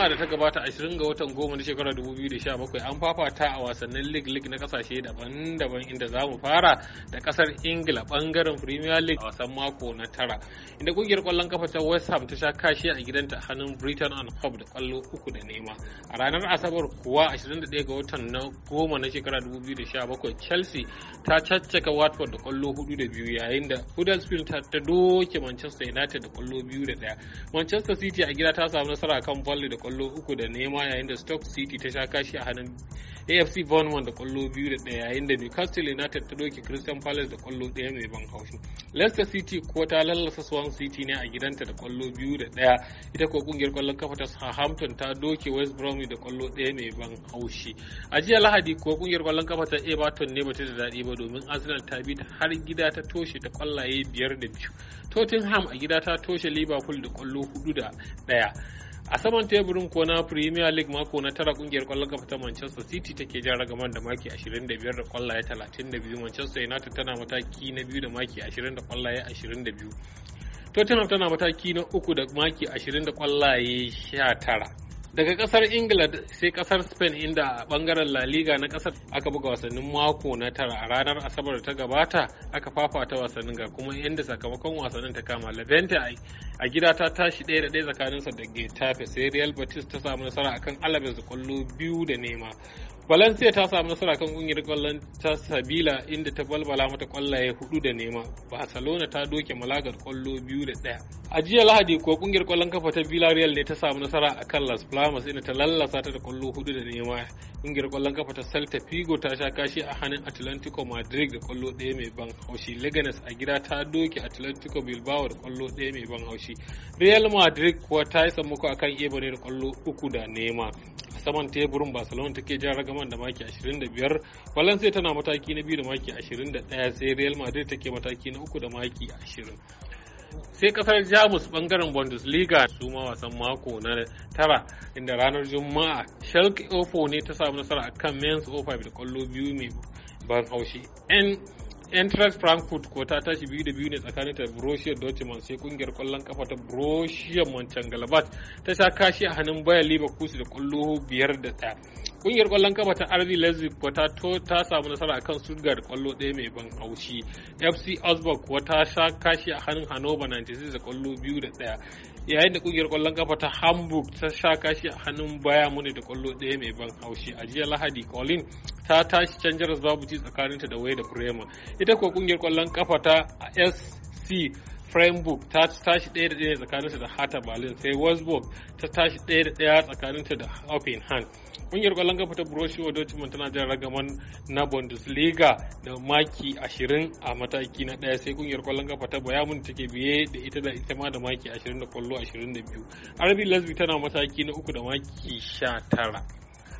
juma'a da ta gabata 20 ga watan goma na shekarar 2017 an fafata a wasannin league league na kasashe daban-daban inda za mu fara da kasar ingila bangaren premier league a wasan mako na tara inda kungiyar kwallon kafa ta west ham ta sha kashi a gidanta a hannun britain and hub da kwallo uku da nema a ranar asabar kuwa 21 ga watan na goma na shekarar 2017 chelsea ta caccaka watford da kwallo hudu da biyu yayin da huddersfield ta doke manchester united da kwallo biyu da daya manchester city a gida ta samu nasara kan volley da kwallo uku da nema yayin da stock city ta sha kashi a hannun afc bournemouth da kwallo biyu da ɗaya yayin da newcastle united ta doke christian palace da kwallo ɗaya mai ban haushi leicester city ko ta lallasa swan city ne a gidanta da kwallo biyu da daya ita ko kungiyar kwallon kafa ta southampton ta doke west bromwich da kwallo ɗaya mai ban haushi a jiya lahadi ko kungiyar kwallon kafa ta everton ne bata da daɗi ba domin arsenal ta bi ta har gida ta toshe ta kwallaye biyar da biyu tottenham a gida ta toshe liverpool da kwallo hudu da daya. a saman teburin ko na premier league mako na tara kungiyar kwallon kafa ta manchester city take jan ragamar da maki 25 da kwallaye 32 manchester united tana mataki na biyu da maki 20 da kwallaye 22 tottenham tana mataki na uku da maki 20 da kwallaye 19 daga kasar ingila sai kasar spain inda bangaren la liga na kasar aka buga wasannin mako na tara a ranar asabar ta gabata aka fafata wasannin ga kuma inda sakamakon wasannin ta kama levante a gida ta tashi ɗaya da ɗaya tsakaninsa da getafe sai real batis ta samu nasara akan alabes kwallo biyu da nema Valencia ta samu nasara kan kungiyar kwallon ta Sabila inda ta balbala mata kwallaye hudu da nema. Barcelona ta doke malagar kwallo biyu da daya. A jiya Lahadi kuwa kungiyar kwallon kafa ta Villarreal ne ta samu nasara a kan Las Palmas inda ta lallasa ta da kwallo hudu da nema. Kungiyar kwallon kafa ta Celta Vigo ta sha kashi a hannun Atlantico Madrid da kwallo daya mai ban haushi. Leganes a gida ta doke Atlantico Bilbao da kwallo daya mai ban haushi. Real Madrid kuwa ta yi sammako akan Ebony da kwallo uku da nema. saman teburin barcelona take jan ragaman da maki 25 valencia tana mataki na biyu da maki 21 sai real madrid take mataki na uku da maki 20 sai kasar jamus bangaren bundesliga su ma wasan mako na tara inda ranar juma'a schalke 04 ne ta samu nasara akan Men's 05 da kwallo biyu mai ban haushi Eintracht Frankfurt ko ta tashi biyu da biyu ne tsakanin ta Borussia Dortmund sai kungiyar kwallon kafa ta Borussia Mönchengladbach ta sha kashi a hannun Bayer Leverkusen da kwallo biyar da ɗaya. kungiyar kwallon kafa ta RB Leipzig to ta samu nasara akan sugar kwallo ɗaya mai ban haushi. FC Augsburg kuwa ta sha kashi a hannun Hannover 96 da kwallo biyu da ɗaya. Yayin da kungiyar kwallon kafa ta Hamburg ta sha kashi a hannun baya muni da kwallo ɗaya mai ban haushi. A jiya Lahadi Colin ta tashi can jaras babu ci tsakaninta da Wai da Bremen. Ita kuwa kungiyar kwallon kafa ta SC Freiburg ta tashi ɗaya da ɗaya tsakaninta da Hata Berlin sai Wolfsburg ta tashi ɗaya da ɗaya tsakaninta da Hoffenheim. Ƙungiyar ƙwallon kafa ta Borussia Dortmund tana jan ragaman na Bundesliga da maki 20 a mataki na ɗaya sai ƙungiyar ƙwallon kafa ta Bayern take biye da ita da ita ma da maki 20 da ƙwallo 22. RB Leipzig tana mataki na uku da maki 19.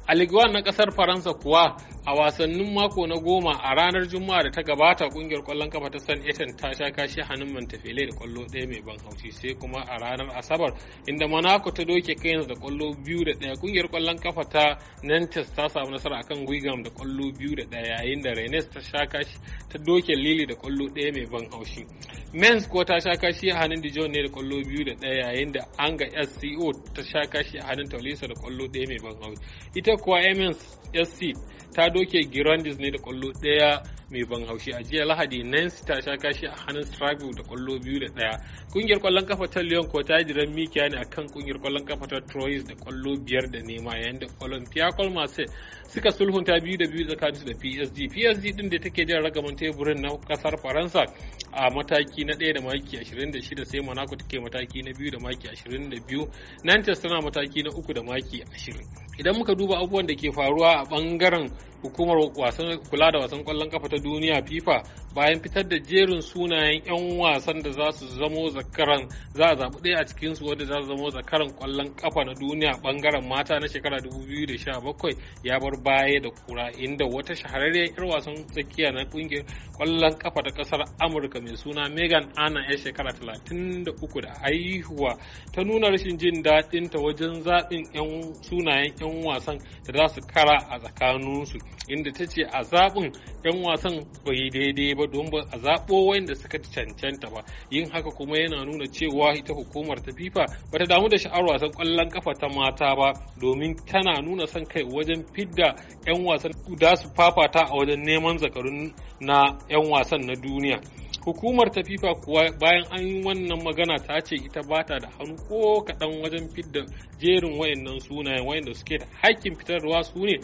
a ligue na kasar faransa kuwa A wasannin mako na goma a ranar Juma'a da ta gabata kungiyar kwallon kafa ta San Etan ta sha kashi hannun Mantafele da kwallo ɗaya mai ban haushi sai kuma a ranar Asabar inda Monaco ta doke kaina da kwallo biyu da ɗaya kungiyar kwallon kafa ta Nantes ta samu nasara akan Guigam da kwallo biyu da ɗaya yayin da Rennes ta sha kashi ta doke Lili da kwallo ɗaya mai ban haushi. Mens ko ta sha kashi a hannun Dijon ne da kwallo biyu da ɗaya yayin da Anga SCO ta sha kashi a hannun Tolisa da kwallo ɗaya mai ban haushi. Ita kuwa mens SC ta doke doke girandis ne da kwallo ɗaya mai ban haushi a jiya lahadi nancy ta sha kashi a hannun strabo da kwallo biyu da daya kungiyar kwallon kafa ta lyon ko ta jiran mikiya ne akan kungiyar kwallon kafa ta troyes da kwallo biyar da nema yayin da olympiacos marseille suka sulhunta biyu da biyu su da psg psg din da take jan ragaman teburin na kasar faransa a mataki na daya da maki 26 sai monaco take mataki na biyu da maki 22 nantes tana mataki na uku da maki 20 idan muka duba abubuwan da ke faruwa a bangaren hukumar wasan kula da wasan kwallon kafa ta duniya FIFA bayan fitar da jerin sunayen 'yan wasan da za su zamo zakaran za a zaɓi ɗaya a cikinsu wanda za su zamo zakaran ƙwallon ƙafa na duniya ɓangaren mata na shekara 2017 ya bar baya da kura inda wata shahararriyar 'yar wasan tsakiya na ƙungiyar ƙwallon ƙafa ta ƙasar amurka mai suna megan ana 'ya shekara 33 da haihuwa ta nuna rashin jin daɗin ta wajen zaɓin 'yan sunayen 'yan wasan da za su kara a tsakaninsu inda ta ce a zaɓin 'yan wasan hakan bai daidai ba don ba a zaɓo wanda suka cancanta ba yin haka kuma yana nuna cewa ita hukumar ta fifa ta damu da sha'awar wasan ƙwallon kafa ta mata ba domin tana nuna son kai wajen fidda 'yan wasan da su fafata a wajen neman zakarun na 'yan wasan na duniya hukumar ta fifa kuwa bayan an yi wannan magana ta ce ita bata da hannu ko kaɗan wajen fidda jerin wayannan sunayen wayanda suke da hakkin fitarwa su ne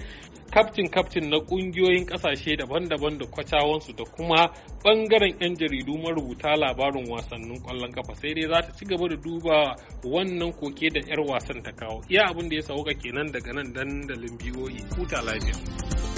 kaftin kaftin na ƙungiyoyin ƙasashe daban-daban da kwacawansu da kuma ɓangaren 'yan jaridu marubuta labarin wasannin ƙwallon kafa sai dai za ta ci gaba da duba wannan koke da 'yar wasan ta kawo iya abin da ya sauka kenan daga nan dandalin biyoyi e. huta lafiya